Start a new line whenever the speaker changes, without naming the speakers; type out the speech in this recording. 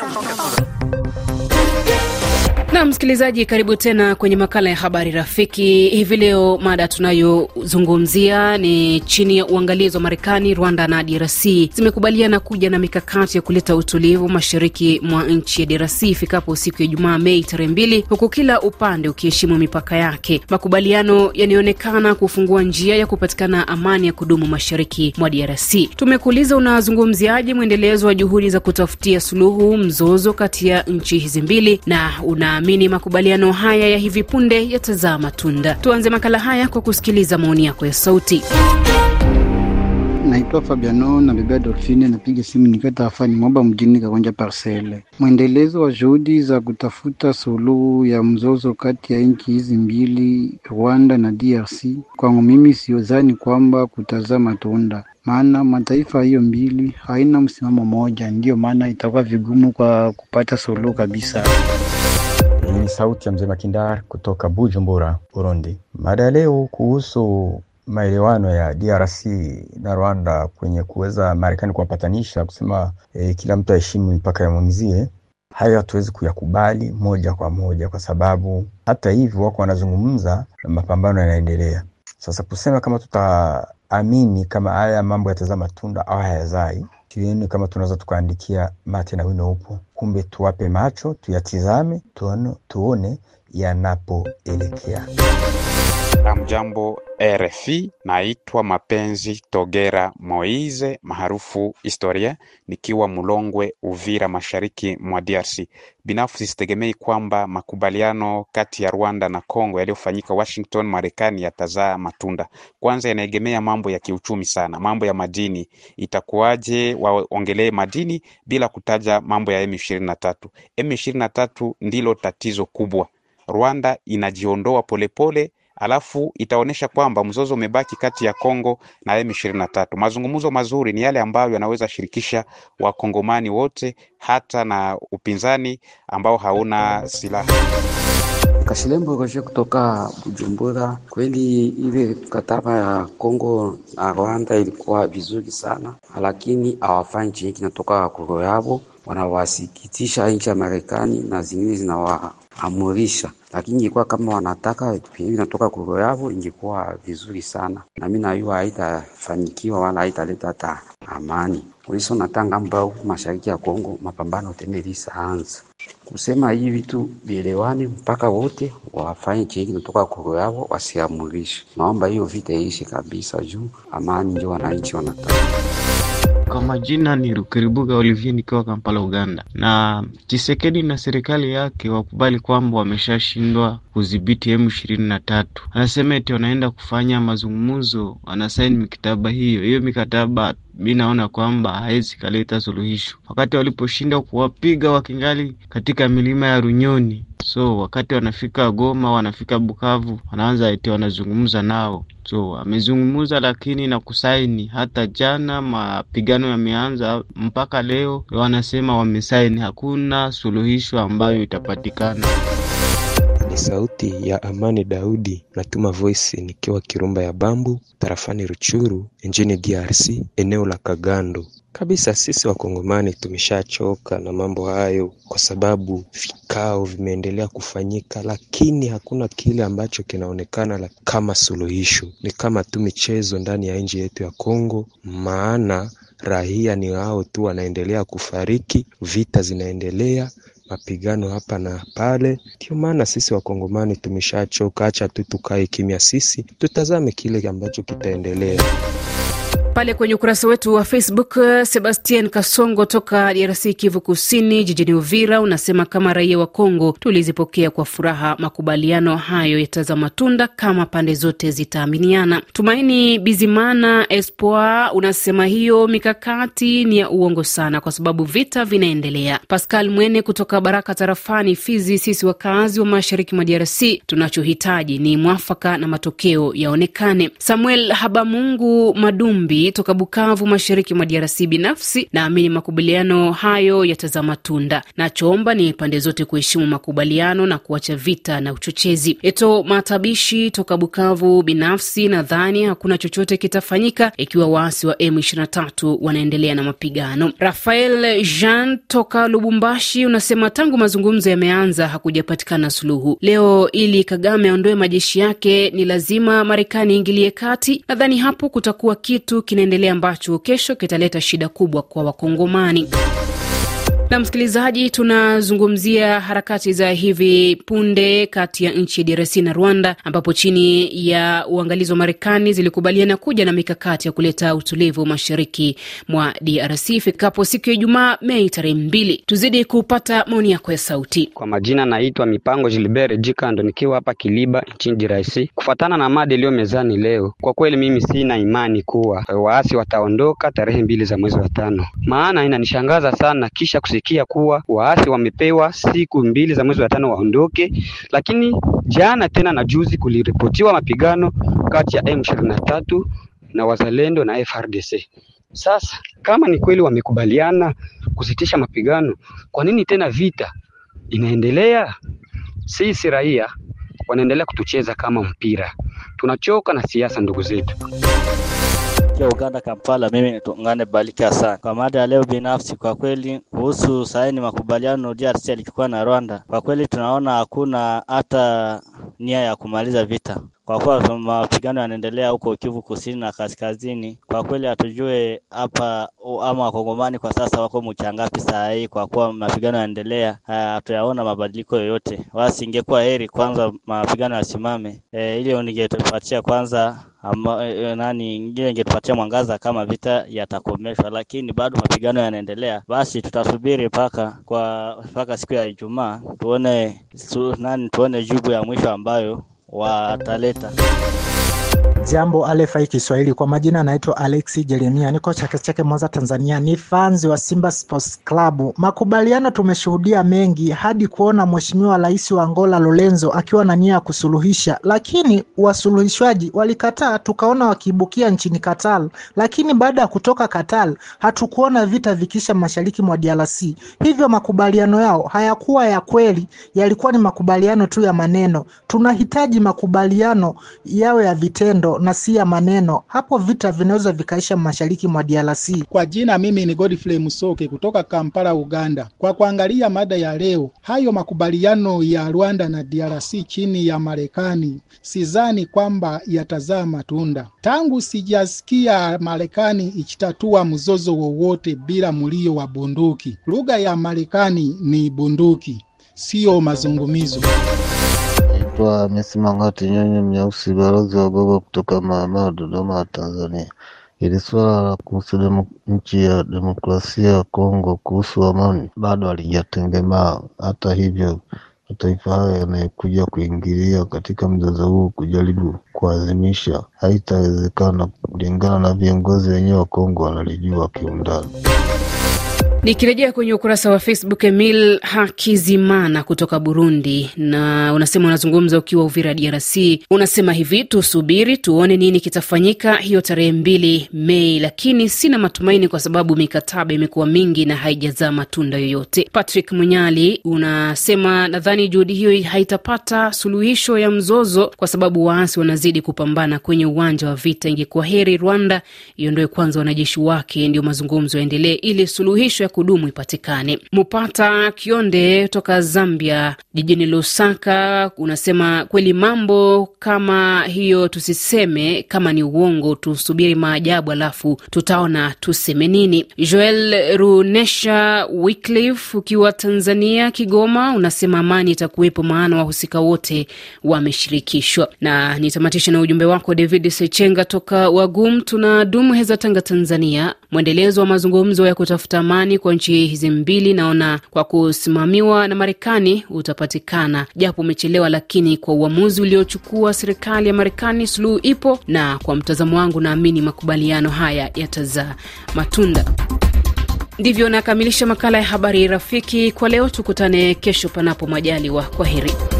啊！Na msikilizaji, karibu tena kwenye makala ya habari rafiki. Hivi leo mada tunayozungumzia ni chini ya uangalizi wa Marekani, Rwanda na DRC zimekubaliana kuja na mikakati ya kuleta utulivu mashariki mwa nchi ya DRC ifikapo siku ya jumaa Mei tarehe mbili, huku kila upande ukiheshimu mipaka yake. Makubaliano yanayoonekana kufungua njia ya kupatikana amani ya kudumu mashariki mwa DRC. Tumekuuliza, unazungumziaje mwendelezo wa juhudi za kutafutia suluhu mzozo kati ya nchi hizi mbili na una anaamini makubaliano haya ya hivi punde yatazaa matunda. Tuanze makala haya kwa kusikiliza maoni yako ya sauti. Naitwa Fabiano na bebea Dolfini, napiga simu nikiwa tarafani Moba mjini Kagonja Parcele. Mwendelezo wa juhudi za kutafuta suluhu ya mzozo kati ya nchi hizi mbili, Rwanda na DRC, kwangu mimi siozani kwamba kutazaa matunda maana mataifa hiyo mbili haina msimamo mmoja, ndiyo maana itakuwa vigumu kwa kupata suluhu kabisa ni sauti ya mzee Makindar kutoka Bujumbura, Burundi. Mada ya leo kuhusu maelewano ya DRC na Rwanda kwenye kuweza Marekani kuwapatanisha kusema e, kila mtu aheshimu mipaka ya mwenzie. Hayo hatuwezi kuyakubali moja kwa moja, kwa sababu hata hivyo wako wanazungumza na mapambano yanaendelea. Sasa kusema kama tutaamini kama haya mambo yatazaa matunda au hayazai, tuone kama tunaweza tukaandikia mate na wino upo, kumbe tuwape macho tuyatizame, tuone, tuone yanapoelekea mjambo RFI, naitwa Mapenzi Togera moise maarufu Historia, nikiwa Mulongwe, Uvira, mashariki mwa DRC. Binafsi sitegemei kwamba makubaliano kati ya Rwanda na congo yaliyofanyika Washington, Marekani yatazaa matunda. Kwanza yanaegemea mambo ya kiuchumi sana, mambo ya madini. Itakuwaje waongelee madini bila kutaja mambo ya M23? M23 ndilo tatizo kubwa. Rwanda inajiondoa polepole alafu itaonyesha kwamba mzozo umebaki kati ya Kongo na M23. Mazungumzo mazuri ni yale ambayo yanaweza shirikisha wakongomani wote, hata na upinzani ambao hauna silaha. Kashilembo Roje kutoka Bujumbura. Kweli ile kataba ya Kongo na Rwanda ilikuwa vizuri sana, lakini hawafanyi chenye kinatoka kuro yabo, wanawasikitisha nchi ya Marekani na zingine zinawaa amurisha, lakini ingekuwa kama wanataka hivi natoka kuro yao, ingekuwa vizuri sana, na mimi najua haitafanikiwa wala haitaleta hata amani kuliso na tanga mbao mashariki ya Kongo, mapambano tena ilisaanza kusema hivi vitu bielewani, mpaka wote wafanye chenye kinatoka koro yao, wasiamurishe. Naomba hiyo vita iishe kabisa, juu amani ndio wananchi wanataka. Kwa majina ni Rukiribuga Olivier nikiwa Kampala, Uganda. Na Chisekedi na serikali yake wakubali kwamba wameshashindwa kudhibiti M ishirini na tatu. Anasema eti wanaenda kufanya mazungumzo, wanasaini mikataba hiyo hiyo. Mikataba mi naona kwamba hawezi kaleta suluhisho, wakati waliposhinda kuwapiga wakingali katika milima ya Runyoni. So wakati wanafika Goma, wanafika Bukavu, wanaanza eti wanazungumza nao So amezungumuza lakini na kusaini. Hata jana mapigano yameanza mpaka leo wanasema wamesaini, hakuna suluhisho ambayo itapatikana. Ni sauti ya Amani Daudi natuma voice nikiwa Kirumba ya Bambu tarafani Ruchuru nchini DRC eneo la Kagando. Kabisa sisi wakongomani tumeshachoka na mambo hayo, kwa sababu vikao vimeendelea kufanyika, lakini hakuna kile ambacho kinaonekana kama suluhisho. Ni kama tu michezo ndani ya nchi yetu ya Kongo, maana raia ni wao tu wanaendelea kufariki, vita zinaendelea mapigano hapa na pale. Ndio maana sisi Wakongomani tumeshachoka, acha tu tukae kimya, sisi tutazame kile ambacho kitaendelea pale kwenye ukurasa wetu wa Facebook. Eh, Sebastian Kasongo toka DRC, Kivu Kusini, jijini Uvira, unasema kama raia wa Kongo tulizipokea kwa furaha makubaliano hayo, yataza matunda kama pande zote zitaaminiana. Tumaini Bizimana Espoir unasema hiyo mikakati ni ya uongo sana, kwa sababu vita vinaendelea. Pascal Mwene kutoka Baraka tarafani Fizi, sisi wakazi wa mashariki mwa DRC tunachohitaji ni mwafaka na matokeo yaonekane. Samuel Habamungu Madumbi toka Bukavu, mashariki mwa DRC. Binafsi naamini makubaliano hayo yatazaa matunda. Nachoomba ni pande zote kuheshimu makubaliano na kuacha vita na uchochezi. Eto Matabishi toka Bukavu, binafsi nadhani hakuna chochote kitafanyika ikiwa waasi wa M23 wanaendelea na mapigano. Rafael Jean toka Lubumbashi unasema tangu mazungumzo yameanza hakujapatikana suluhu. Leo ili Kagame aondoe majeshi yake ni lazima Marekani ingilie kati. Nadhani hapo kutakuwa kitu kinaendelea ambacho kesho kitaleta shida kubwa kwa Wakongomani. Na msikilizaji, tunazungumzia harakati za hivi punde kati ya nchi ya DRC na Rwanda, ambapo chini ya uangalizi wa Marekani zilikubaliana kuja na mikakati ya kuleta utulivu mashariki mwa DRC ifikapo siku ya Ijumaa, Mei tarehe mbili. Tuzidi kupata maoni yako ya sauti. Kwa majina, naitwa Mipango Gilbert Jikando, nikiwa hapa Kiliba nchini DRC. kufuatana na mada iliyo mezani leo, kwa kweli mimi sina imani kuwa waasi wataondoka tarehe mbili za mwezi wa tano, maana inanishangaza sana kisha kusikia kulalamikia kuwa waasi wamepewa siku mbili za mwezi wa tano waondoke, lakini jana tena na juzi kuliripotiwa mapigano kati ya M23 na wazalendo na FRDC. Sasa kama ni kweli wamekubaliana kusitisha mapigano, kwa nini tena vita inaendelea? Sisi raia wanaendelea kutucheza kama mpira. Tunachoka na siasa, ndugu zetu. Tukia Uganda Kampala, mimi ni Tungane Balika sana. Kwa mada ya leo binafsi, kwa kweli kuhusu saini makubaliano DRC alichukua na Rwanda, kwa kweli tunaona hakuna hata nia ya kumaliza vita kwa kuwa mapigano yanaendelea huko Kivu kusini na kaskazini. Kwa kweli hatujue hapa ama wakongomani kwa sasa wako mchangapi saa hii, kwa kuwa mapigano yanaendelea, hatuyaona mabadiliko yoyote. Basi ingekuwa heri kwanza mapigano yasimame, e, eh, ili ningetupatia kwanza ama, e, eh, eh, nani ingine ingetupatia mwangaza kama vita yatakomeshwa, lakini bado mapigano yanaendelea. Basi tutasubiri paka kwa paka siku ya Ijumaa tuone su, nani tuone jibu ya mwisho ambayo wataleta. Jambo alefai Kiswahili, kwa majina anaitwa Alexi Jeremia, niko Chake Chake, Mwanza, Tanzania. Ni fanzi wa Simba Sports Club. Makubaliano tumeshuhudia mengi, hadi kuona mheshimiwa rais wa Angola Lorenzo akiwa na nia ya kusuluhisha, lakini wasuluhishwaji walikataa, tukaona wakiibukia nchini Qatar. Lakini baada ya kutoka Qatar hatukuona vita vikisha mashariki mwa DRC, hivyo makubaliano yao hayakuwa ya kweli, yalikuwa ni makubaliano tu ya maneno. Tunahitaji makubaliano yao ya vitendo na si ya maneno. Hapo vita vinaweza vikaisha mashariki mwa DRC. Kwa jina mimi ni Godfrey Musoke kutoka Kampala, Uganda. Kwa kuangalia mada ya leo, hayo makubaliano ya Rwanda na DRC chini ya Marekani, sidhani kwamba yatazaa matunda. Tangu sijasikia Marekani ikitatua mzozo wowote bila mlio wa bunduki. Lugha ya Marekani ni bunduki, siyo mazungumizo. Naitwa Messimang'ati Nyonyo Mnyeusi, balozi wa Gogo kutoka maeneo Dodoma ya Tanzania. ili suala la kuhusu nchi ya demokrasia ya Kongo kuhusu amani bado halijatengemaa. Hata hivyo, mataifa hayo yanayokuja kuingilia katika mzozo huu kujaribu kuazimisha haitawezekana, kulingana na viongozi wenyewe wa Kongo wanalijua kiundani. Nikirejea kwenye ukurasa wa Facebook, Emil Hakizimana kutoka Burundi, na unasema unazungumza ukiwa Uvira, DRC. Unasema hivi, tusubiri tuone nini kitafanyika hiyo tarehe mbili Mei, lakini sina matumaini kwa sababu mikataba imekuwa mingi na haijazaa matunda yoyote. Patrick Munyali unasema nadhani juhudi hiyo haitapata suluhisho ya mzozo kwa sababu waasi wanazidi kupambana kwenye uwanja wa vita. Ingekuwa heri Rwanda iondoe kwanza wanajeshi wake, ndio mazungumzo yaendelee ili suluhisho ya kudumu ipatikane. Mupata Kionde toka Zambia jijini Lusaka unasema kweli mambo kama hiyo tusiseme kama ni uongo, tusubiri maajabu, alafu tutaona tuseme nini. Joel Runesha Wycliffe ukiwa Tanzania, Kigoma, unasema amani itakuwepo, maana wahusika wote wameshirikishwa. Na nitamatisha na ujumbe wako David Sechenga toka Wagum tuna dumu heza Tanga, Tanzania. Mwendelezo wa mazungumzo ya kutafuta amani kwa nchi hizi mbili, naona kwa kusimamiwa na Marekani utapata kupatikana. Japo umechelewa, lakini kwa uamuzi uliochukua serikali ya Marekani, suluhu ipo, na kwa mtazamo wangu naamini makubaliano haya yatazaa matunda. Ndivyo nakamilisha makala ya habari rafiki kwa leo. Tukutane kesho, panapo majaliwa. Kwa heri.